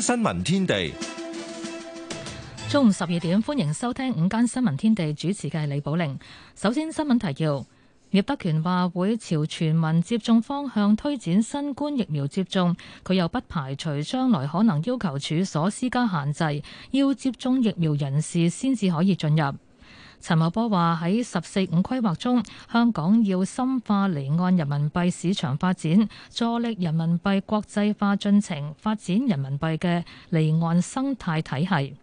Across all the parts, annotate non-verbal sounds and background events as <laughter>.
新聞天地，中午十二點，歡迎收聽午間新聞天地，主持嘅係李寶玲。首先新聞提要，聶德權話會朝全民接種方向推展新冠疫苗接種，佢又不排除將來可能要求處所施加限制，要接種疫苗人士先至可以進入。陳茂波話：喺十四五規劃中，香港要深化離岸人民幣市場發展，助力人民幣國際化進程，發展人民幣嘅離岸生態體系。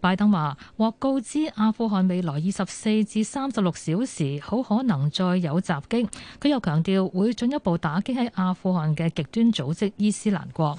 拜登話獲告知阿富汗未來二十四至三十六小時好可能再有襲擊，佢又強調會進一步打擊喺阿富汗嘅極端組織伊斯蘭國。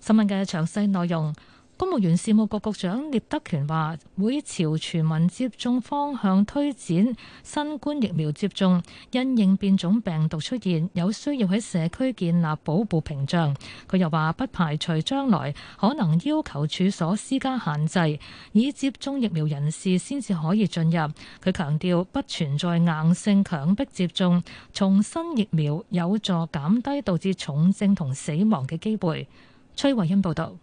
新聞嘅詳細內容。公務員事務局局長聶德權話：會朝全民接種方向推展新冠疫苗接種，因應變種病毒出現，有需要喺社區建立保護屏障。佢又話：不排除將來可能要求處所施加限制，以接種疫苗人士先至可以進入。佢強調不存在硬性強迫接種，重新疫苗有助減低導致重症同死亡嘅機會。崔慧欣報道。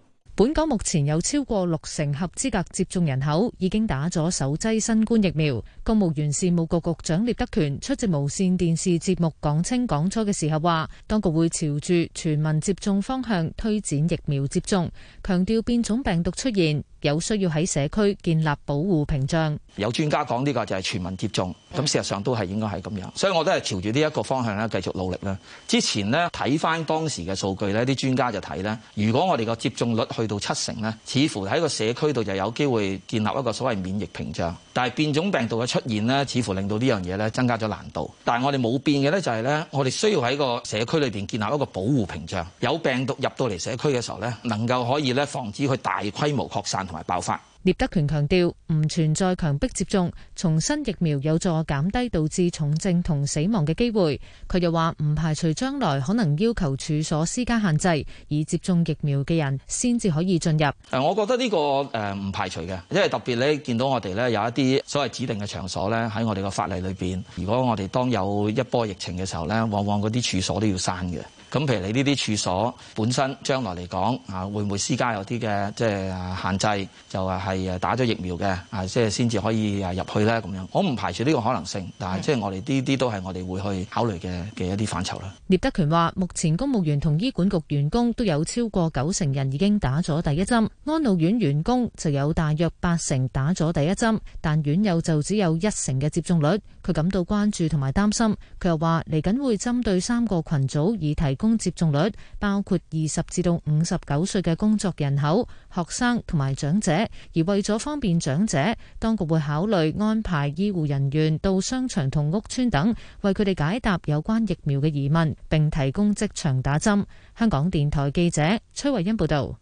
本港目前有超過六成合資格接種人口已經打咗首劑新冠疫苗。公務員事務局局長聶德權出席無線電視節目講清講錯嘅時候話，當局會朝住全民接種方向推展疫苗接種，強調變種病毒出現有需要喺社區建立保護屏障。有專家講呢個就係全民接種，咁事實上都係應該係咁樣。所以我都係朝住呢一個方向咧繼續努力啦。之前呢，睇翻當時嘅數據呢啲專家就睇啦：「如果我哋個接種率去到七成呢，似乎喺個社區度就有機會建立一個所謂免疫屏障。但係變種病毒嘅出現呢，似乎令到呢樣嘢呢增加咗難度。但係我哋冇變嘅呢，就係呢，我哋需要喺個社區裏邊建立一個保護屏障。有病毒入到嚟社區嘅時候呢，能夠可以呢防止佢大規模擴散同埋爆發。聶德權強調唔存在強迫接種，重申疫苗有助減低導致重症同死亡嘅機會。佢又話唔排除將來可能要求處所施加限制，以接種疫苗嘅人先至可以進入。誒、呃，我覺得呢個誒、呃，唔排除嘅，因為特別你見到我哋咧有一啲所謂指定嘅場所咧，喺我哋個法例裏邊，如果我哋當有一波疫情嘅時候咧，往往嗰啲處所都要閂嘅。咁譬如你呢啲處所本身將來嚟講，啊會唔會施加有啲嘅即係限制，就話係誒打咗疫苗嘅，啊即係先至可以誒入去咧咁樣。我唔排除呢個可能性，但係即係我哋呢啲都係我哋會去考慮嘅嘅一啲範疇啦。嗯、聶德權話：目前公務員同醫管局員工都有超過九成人已經打咗第一針，安老院員工就有大約八成打咗第一針，但院友就只有一成嘅接種率。佢感到關注同埋擔心。佢又話：嚟緊會針對三個群組以提工接種率，包括二十至到五十九歲嘅工作人口、學生同埋長者，而為咗方便長者，當局會考慮安排醫護人員到商場同屋邨等，為佢哋解答有關疫苗嘅疑問，並提供即場打針。香港電台記者崔慧欣報道。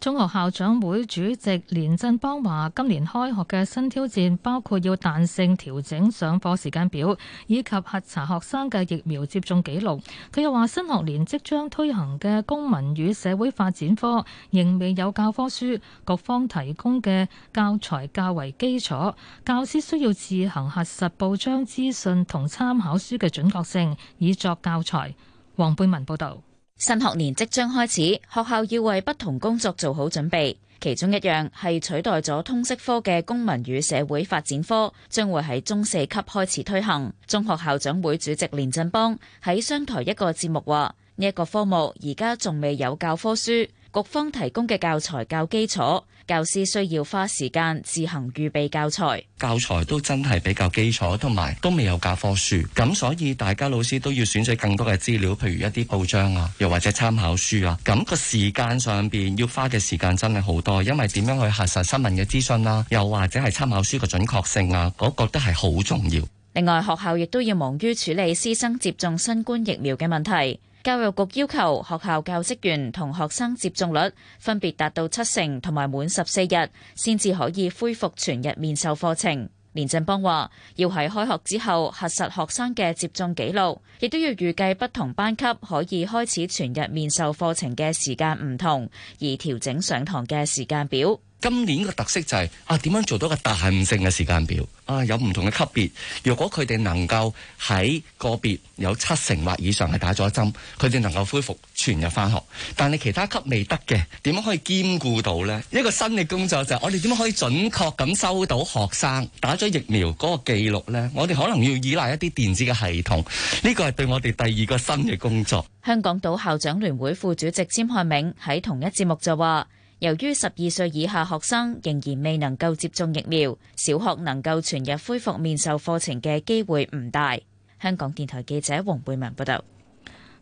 中學校長會主席連振邦話，今年開學嘅新挑戰包括要彈性調整上課時間表，以及核查學生嘅疫苗接種記錄，佢又話新學年即將推行嘅公民與社會發展科，仍未有教科書，各方提供嘅教材較為基礎，教師需要自行核實報章資訊同參考書嘅準確性，以作教材。黃貝文報道。新學年即將開始，學校要為不同工作做好準備。其中一樣係取代咗通識科嘅公民與社會發展科，將會喺中四級開始推行。中學校長會主席連振邦喺商台一個節目話：呢一個科目而家仲未有教科書。局方提供嘅教材較基礎，教師需要花時間自行預備教材。教材都真係比較基礎，同埋都未有教科書，咁所以大家老師都要選取更多嘅資料，譬如一啲報章啊，又或者參考書啊。咁個時間上邊要花嘅時間真係好多，因為點樣去核實新聞嘅資訊啦，又或者係參考書嘅準確性啊，我覺得係好重要。另外，學校亦都要忙於處理師生接種新冠疫苗嘅問題。教育局要求學校教職員同學生接種率分別達到七成同埋滿十四日，先至可以恢復全日面授課程。連振邦話：要喺開學之後核實學生嘅接種記錄，亦都要預計不同班級可以開始全日面授課程嘅時間唔同，而調整上堂嘅時間表。今年嘅特色就係、是、啊，點樣做到個彈性嘅時間表啊？有唔同嘅級別，如果佢哋能夠喺個別有七成或以上係打咗針，佢哋能夠恢復全日返學。但係其他級未得嘅，點樣可以兼顧到呢？一個新嘅工作就係我哋點樣可以準確咁收到學生打咗疫苗嗰個記錄呢？我哋可能要依賴一啲電子嘅系統，呢、這個係對我哋第二個新嘅工作。香港島校長聯會副主席詹漢明喺同一節目就話。由於十二歲以下學生仍然未能夠接種疫苗，小學能夠全日恢復面授課程嘅機會唔大。香港電台記者黃貝文報道。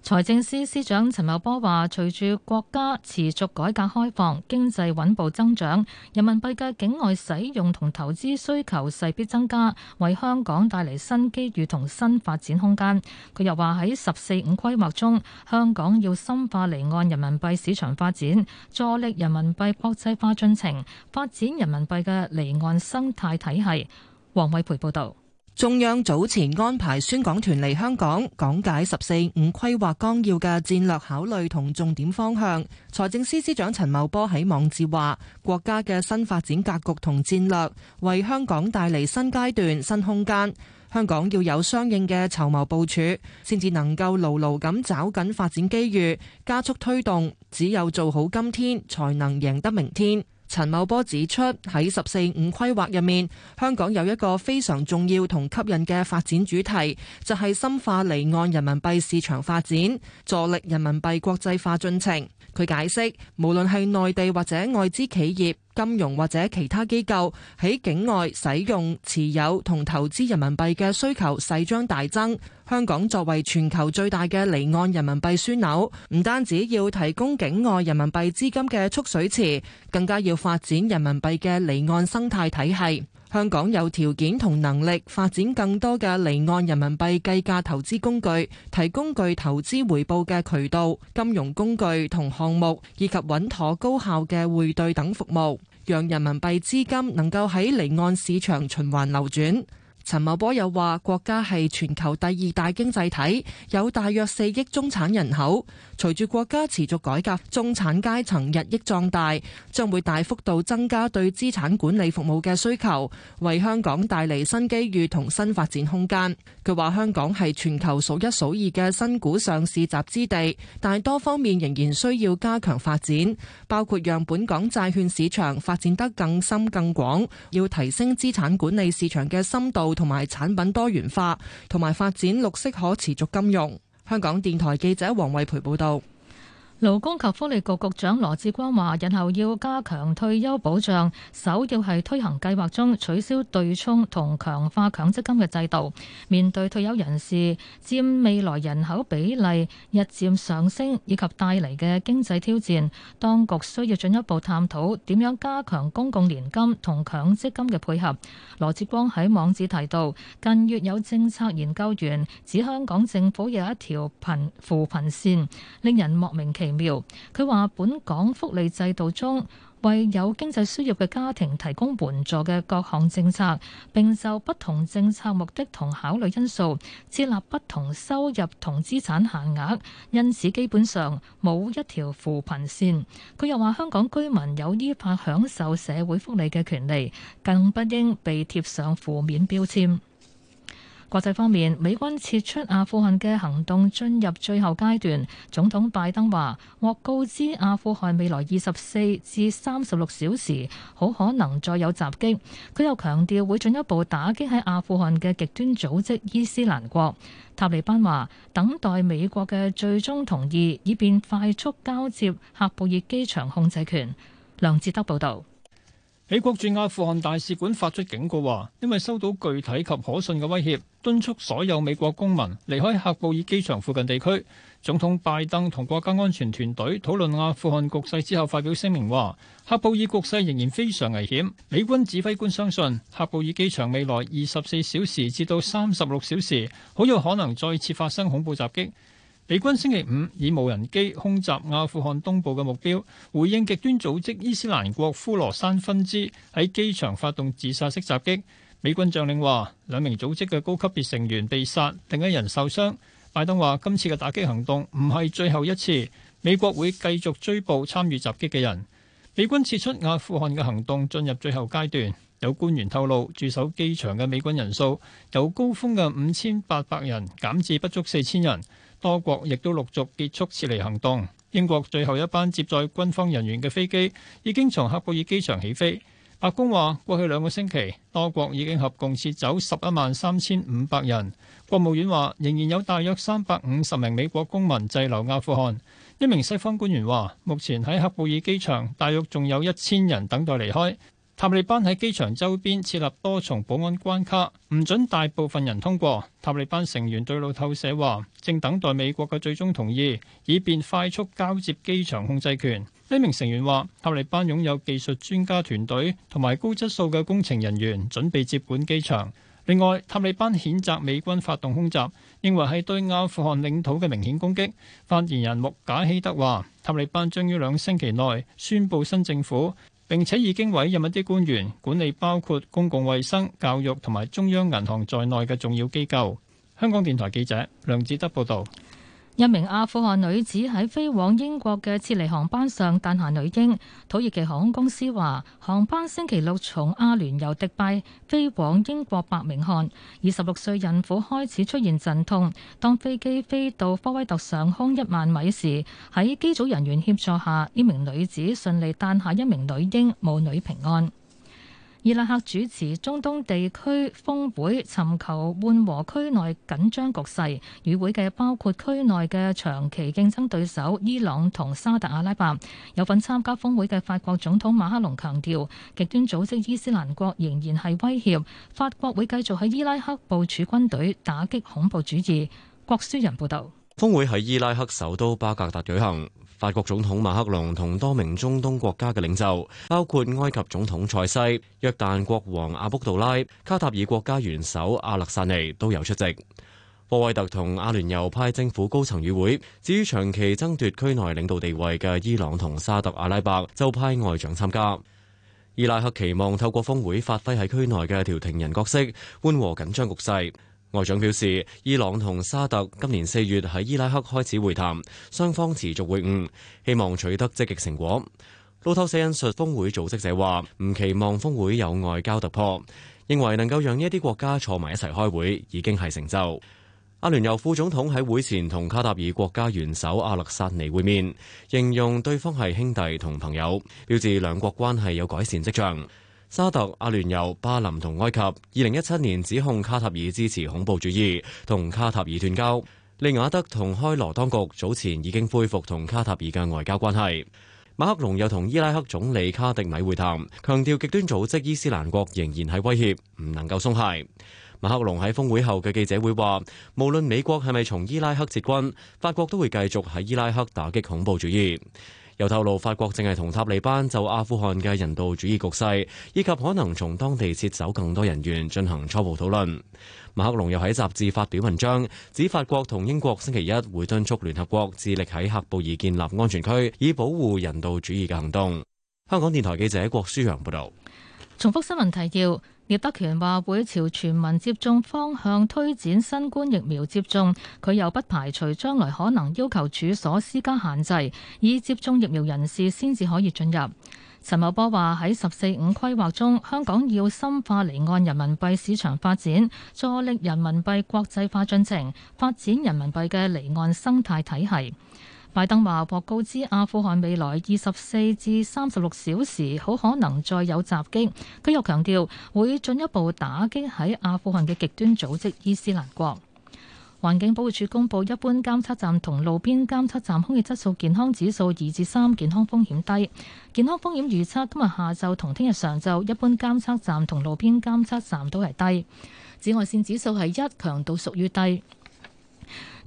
財政司司長陳茂波話：隨住國家持續改革開放，經濟穩步增長，人民幣嘅境外使用同投資需求勢必增加，為香港帶嚟新機遇同新發展空間。佢又話喺十四五規劃中，香港要深化離岸人民幣市場發展，助力人民幣國際化進程，發展人民幣嘅離岸生態體系。王偉培報導。中央早前安排宣講團嚟香港講解十四五規劃綱要嘅戰略考慮同重點方向。財政司司長陳茂波喺網誌話，國家嘅新發展格局同戰略，為香港帶嚟新階段、新空間，香港要有相應嘅籌謀部署，先至能夠牢牢咁抓緊發展機遇，加速推動，只有做好今天，才能贏得明天。陳茂波指出，喺十四五規劃入面，香港有一個非常重要同吸引嘅發展主題，就係深化離岸人民幣市場發展，助力人民幣國際化進程。佢解釋，無論係內地或者外資企業、金融或者其他機構喺境外使用、持有同投資人民幣嘅需求，勢將大增。香港作為全球最大嘅離岸人民幣樞紐，唔單止要提供境外人民幣資金嘅蓄水池，更加要發展人民幣嘅離岸生態體系。香港有條件同能力發展更多嘅離岸人民幣計價投資工具，提供具投資回報嘅渠道、金融工具同項目，以及穩妥高效嘅匯兌等服務，讓人民幣資金能夠喺離岸市場循環流轉。陳茂波又話：國家係全球第二大經濟體，有大約四億中產人口。隨住國家持續改革，中產階層日益壯大，將會大幅度增加對資產管理服務嘅需求，為香港帶嚟新機遇同新發展空間。佢話香港係全球數一數二嘅新股上市集資地，但多方面仍然需要加強發展，包括讓本港債券市場發展得更深更廣，要提升資產管理市場嘅深度。同埋產品多元化，同埋發展綠色可持續金融。香港電台記者黃慧培報導。勞工及福利局局長羅志光話，日後要加強退休保障，首要係推行計劃中取消對沖同強化強積金嘅制度。面對退休人士佔未來人口比例日漸上升以及帶嚟嘅經濟挑戰，當局需要進一步探討點樣加強公共年金同強積金嘅配合。羅志光喺網誌提到，近月有政策研究員指香港政府有一條貧扶貧線，令人莫名其佢話，本港福利制度中為有經濟輸入嘅家庭提供援助嘅各項政策，並就不同政策目的同考慮因素設立不同收入同資產限額，因此基本上冇一條扶貧線。佢又話，香港居民有依法享受社會福利嘅權利，更不應被貼上負面標籤。國際方面，美軍撤出阿富汗嘅行動進入最後階段。總統拜登話，獲告知阿富汗未來二十四至三十六小時好可能再有襲擊。佢又強調會進一步打擊喺阿富汗嘅極端組織伊斯蘭國。塔利班話等待美國嘅最終同意，以便快速交接喀布爾機場控制權。梁志德報道。美國駐阿富汗大使館發出警告話，因為收到具體及可信嘅威脅，敦促所有美國公民離開喀布爾機場附近地區。總統拜登同國家安全團隊討論阿富汗局勢之後，發表聲明話，喀布爾局勢仍然非常危險。美軍指揮官相信，喀布爾機場未來二十四小時至到三十六小時，好有可能再次發生恐怖襲擊。美軍星期五以無人機空襲阿富汗東部嘅目標，回應極端組織伊斯蘭國呼羅山分支喺機場發動自殺式襲擊。美軍將領話，兩名組織嘅高級別成員被殺，另一人受傷。拜登話，今次嘅打擊行動唔係最後一次，美國會繼續追捕參與襲擊嘅人。美軍撤出阿富汗嘅行動進入最後階段，有官員透露，駐守機場嘅美軍人數由高峰嘅五千八百人減至不足四千人。多國亦都陸續結束撤離行動。英國最後一班接載軍方人員嘅飛機已經從喀布爾機場起飛。白宮話：過去兩個星期，多國已經合共撤走十一萬三千五百人。國務院話：仍然有大約三百五十名美國公民滯留阿富汗。一名西方官員話：目前喺喀布爾機場，大約仲有一千人等待離開。塔利班喺機場周邊設立多重保安關卡，唔准大部分人通過。塔利班成員對路透社話，正等待美國嘅最終同意，以便快速交接機場控制權。呢名成員話：塔利班擁有技術專家團隊同埋高質素嘅工程人員，準備接管機場。另外，塔利班譴責美軍發動空襲，認為係對阿富汗領土嘅明顯攻擊。發言人穆賈希德話：塔利班將於兩星期內宣佈新政府。並且已經委任一啲官員管理包括公共衛生、教育同埋中央銀行在內嘅重要機構。香港電台記者梁志德報導。一名阿富汗女子喺飛往英國嘅撤離航班上誕下女嬰。土耳其航空公司話，航班星期六從阿聯酋迪拜飛往英國伯明翰，二十六歲孕婦開始出現陣痛。當飛機飛到科威特上空一萬米時，喺機組人員協助下，呢名女子順利誕下一名女嬰，母女平安。伊拉克主持中東地區峰會，尋求緩和區內緊張局勢。與會嘅包括區內嘅長期競爭對手伊朗同沙特阿拉伯。有份參加峰會嘅法國總統馬克龍強調，極端組織伊斯蘭國仍然係威脅，法國會繼續喺伊拉克部署軍隊，打擊恐怖主義。郭書人報道，峰會喺伊拉克首都巴格達舉行。法國總統馬克龍同多名中東國家嘅領袖，包括埃及總統塞西、約旦國王阿卜杜拉、卡塔爾國家元首阿勒薩尼都有出席。科威特同阿聯酋派政府高層與會。至於長期爭奪區內領導地位嘅伊朗同沙特阿拉伯，就派外長參加。伊拉克期望透過峰會發揮喺區內嘅調停人角色，緩和緊張局勢。外長表示，伊朗同沙特今年四月喺伊拉克開始會談，雙方持續會晤，希望取得積極成果。路透社引述峰會組織者話：唔期望峰會有外交突破，認為能夠讓呢一啲國家坐埋一齊開會已經係成就。阿聯酋副總統喺會前同卡塔爾國家元首阿勒薩尼會面，形容對方係兄弟同朋友，表示兩國關係有改善跡象。沙特、阿聯酋、巴林同埃及，二零一七年指控卡塔爾支持恐怖主義，同卡塔爾斷交。利雅德同開羅當局早前已經恢復同卡塔爾嘅外交關係。馬克龍又同伊拉克總理卡迪米會談，強調極端組織伊斯蘭國仍然係威脅，唔能夠鬆懈。馬克龍喺峰會後嘅記者會話，無論美國係咪從伊拉克撤軍，法國都會繼續喺伊拉克打擊恐怖主義。又透露，法國正係同塔利班就阿富汗嘅人道主義局勢，以及可能從當地撤走更多人員進行初步討論。馬克龍又喺雜誌發表文章，指法國同英國星期一會敦促聯合國致力喺喀布爾建立安全區，以保護人道主義嘅行動。香港電台記者郭舒揚報道。重複新聞提要。聶德權話會朝全民接種方向推展新冠疫苗接種，佢又不排除將來可能要求處所施加限制，以接種疫苗人士先至可以進入。陳茂波話喺十四五規劃中，香港要深化離岸人民幣市場發展，助力人民幣國際化進程，發展人民幣嘅離岸生態體系。拜登話獲告知阿富汗未來二十四至三十六小時，好可能再有襲擊。佢又強調會進一步打擊喺阿富汗嘅極端組織伊斯蘭國。環境保護署公布，一般監測站同路邊監測站空氣質素健康指數二至三，健康風險低。健康風險預測今日下晝同聽日上晝，一般監測站同路邊監測站都係低。紫外線指數係一，強度屬於低。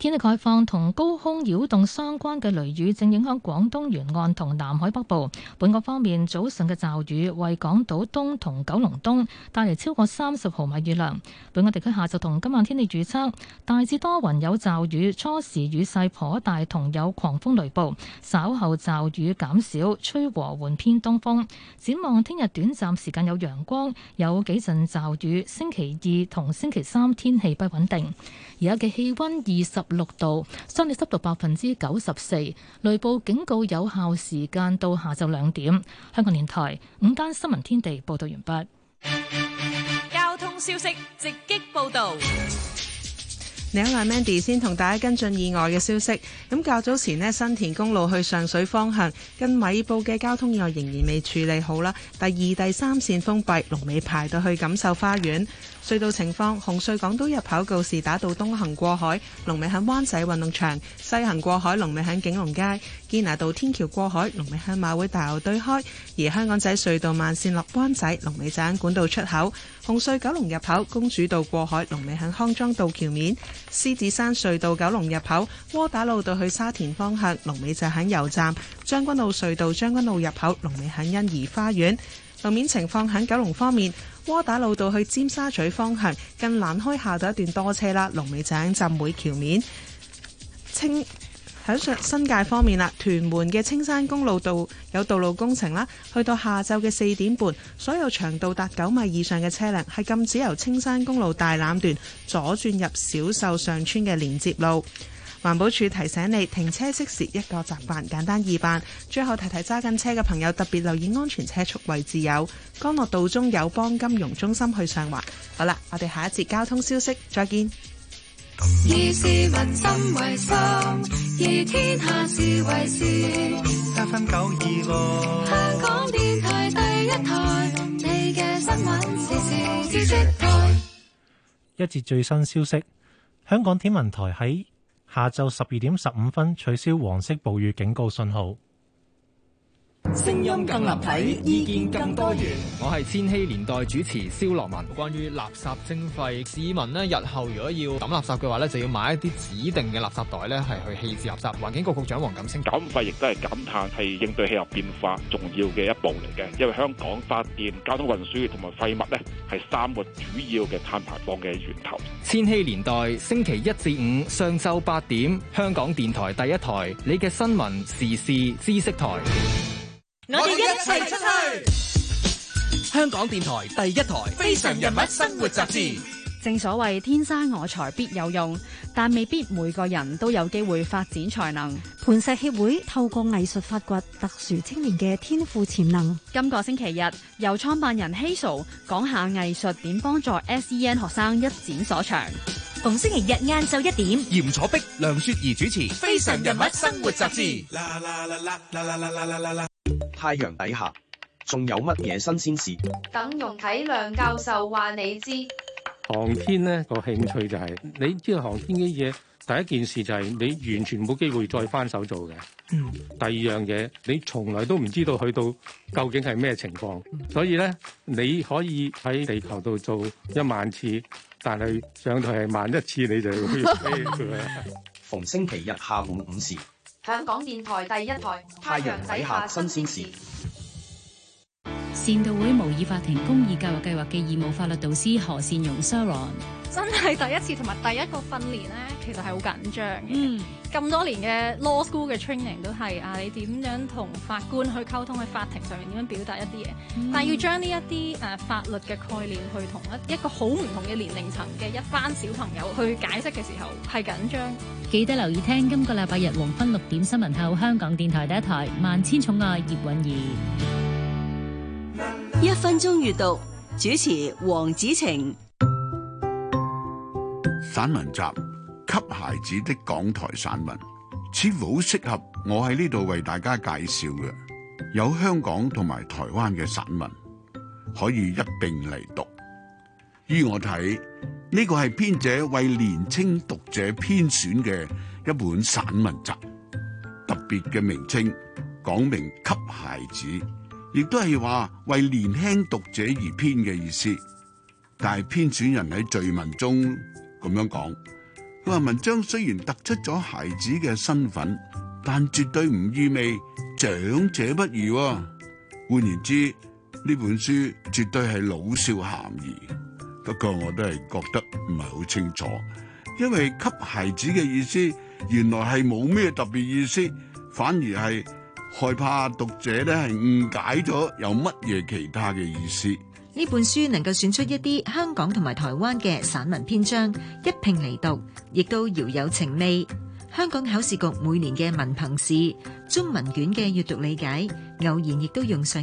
天氣概況同高空擾動相關嘅雷雨正影響廣東沿岸同南海北部。本港方面，早晨嘅驟雨為港島東同九龍東帶嚟超過三十毫米雨量。本港地區下晝同今晚天氣預測大致多雲有驟雨，初時雨勢頗大，同有狂風雷暴。稍後驟雨減少，吹和緩偏東風。展望聽日短暫時間有陽光，有幾陣驟雨。星期二同星期三天氣不穩定。而家嘅氣溫二十。六度，相對濕度百分之九十四，雷暴警告有效時間到下晝兩點。香港電台午間新聞天地報道完畢。交通消息直擊報道。你好，阿 Mandy，先同大家跟進意外嘅消息。咁較早前呢，新田公路去上水方向跟米埔嘅交通意外仍然未處理好啦，第二、第三線封閉，龍尾排到去錦繡花園。隧道情況：紅隧港島入口告士打道東行過海，龍尾喺灣仔運動場；西行過海，龍尾喺景隆街。堅拿道天橋過海，龍尾喺馬會大樓對開。而香港仔隧道慢線落灣仔，龍尾站管道出口。紅隧九龍入口公主道過海，龍尾喺康莊道橋面。獅子山隧道九龍入口窩打老道去沙田方向，龍尾就喺油站。將軍澳隧道，將軍澳，隧道將軍澳入口，龍尾喺欣怡花園。路面情況喺九龍方面，窩打老道去尖沙咀方向，近蘭開夏道一段多車啦。龍尾井浸會橋面。青喺上新界方面啦，屯門嘅青山公路道有道路工程啦。去到下晝嘅四點半，所有長度達九米以上嘅車輛係禁止由青山公路大欖段左轉入小秀上村嘅連接路。環保署提醒你停車熄匙，一個習慣，簡單易辦。最後提提揸緊車嘅朋友，特別留意安全車速位置，有干諾道中友邦金融中心去上環。好啦，我哋下一節交通消息再見。以民心為心，以天下事為事。香港電台第一台，你嘅新聞時事知識台。一節最新消息，香港天文台喺。下晝十二點十五分取消黃色暴雨警告信號。聲音更立體，意見更多元。我係千禧年代主持蕭洛文。關於垃圾徵費，市民呢，日後如果要抌垃圾嘅話呢就要買一啲指定嘅垃圾袋呢，係去棄置垃圾。環境局局長黃錦星，減費亦都係減碳，係應對氣候變化重要嘅一步嚟嘅。因為香港發電、交通運輸同埋廢物呢，係三個主要嘅碳排放嘅源頭。千禧年代，星期一至五，上晝八點，香港電台第一台，你嘅新聞時事知識台。我哋一齊出去！香港電台第一台《非常人物生活雜誌》。正所謂天生我材必有用，但未必每個人都有機會發展才能。盤石協會透過藝術發掘特殊青年嘅天賦潛能。今個星期日由創辦人希素講下藝術點幫助 SEN 學生一展所長。逢星期日晏晝一點，嚴楚碧、梁雪怡主持《非常人物生活雜誌》。太陽底下仲有乜嘢新鮮事？等容啟亮教授話你知。航天咧個興趣就係、是、你知道航天嘅嘢，第一件事就係你完全冇機會再翻手做嘅。嗯。第二樣嘢，你從來都唔知道去到究竟係咩情況。嗯、所以咧，你可以喺地球度做一萬次，但係上台係萬一次，你就會。 <laughs> <laughs> 逢星期日下午五時。香港電臺第一台《太陽底下新鮮事》，善道會模擬法庭公義教育計劃嘅義務法律導師何善容 Siron。真係第一次同埋第一個訓練呢，其實係好緊張嘅。嗯，咁多年嘅 law school 嘅 training 都係啊，你點樣同法官去溝通喺法庭上面點樣表達一啲嘢，但要將呢一啲誒法律嘅概念去同一一個好唔同嘅年齡層嘅一班小朋友去解釋嘅時候，係緊張。記得留意聽今個禮拜日黃昏六點新聞後，香港電台第一台《萬千寵愛》葉韻儀一分鐘閱讀主持黃子晴。散文集《給孩子的港台散文》似乎好適合我喺呢度為大家介紹嘅，有香港同埋台灣嘅散文可以一併嚟讀。依我睇，呢個係編者為年青讀者編選嘅一本散文集，特別嘅名稱講明給孩子，亦都係話為年輕讀者而編嘅意思。但係編選人喺序文中。咁樣講，佢話文章雖然突出咗孩子嘅身份，但絕對唔意味長者不如。換言之，呢本書絕對係老少咸宜。不過我都係覺得唔係好清楚，因為給孩子嘅意思原來係冇咩特別意思，反而係害怕讀者咧係誤解咗有乜嘢其他嘅意思。呢本書能夠選出一啲香港同埋台灣嘅散文篇章，一拼嚟讀，亦都饒有情味。香港考試局每年嘅文憑試，中文卷嘅閱讀理解，偶然亦都用上。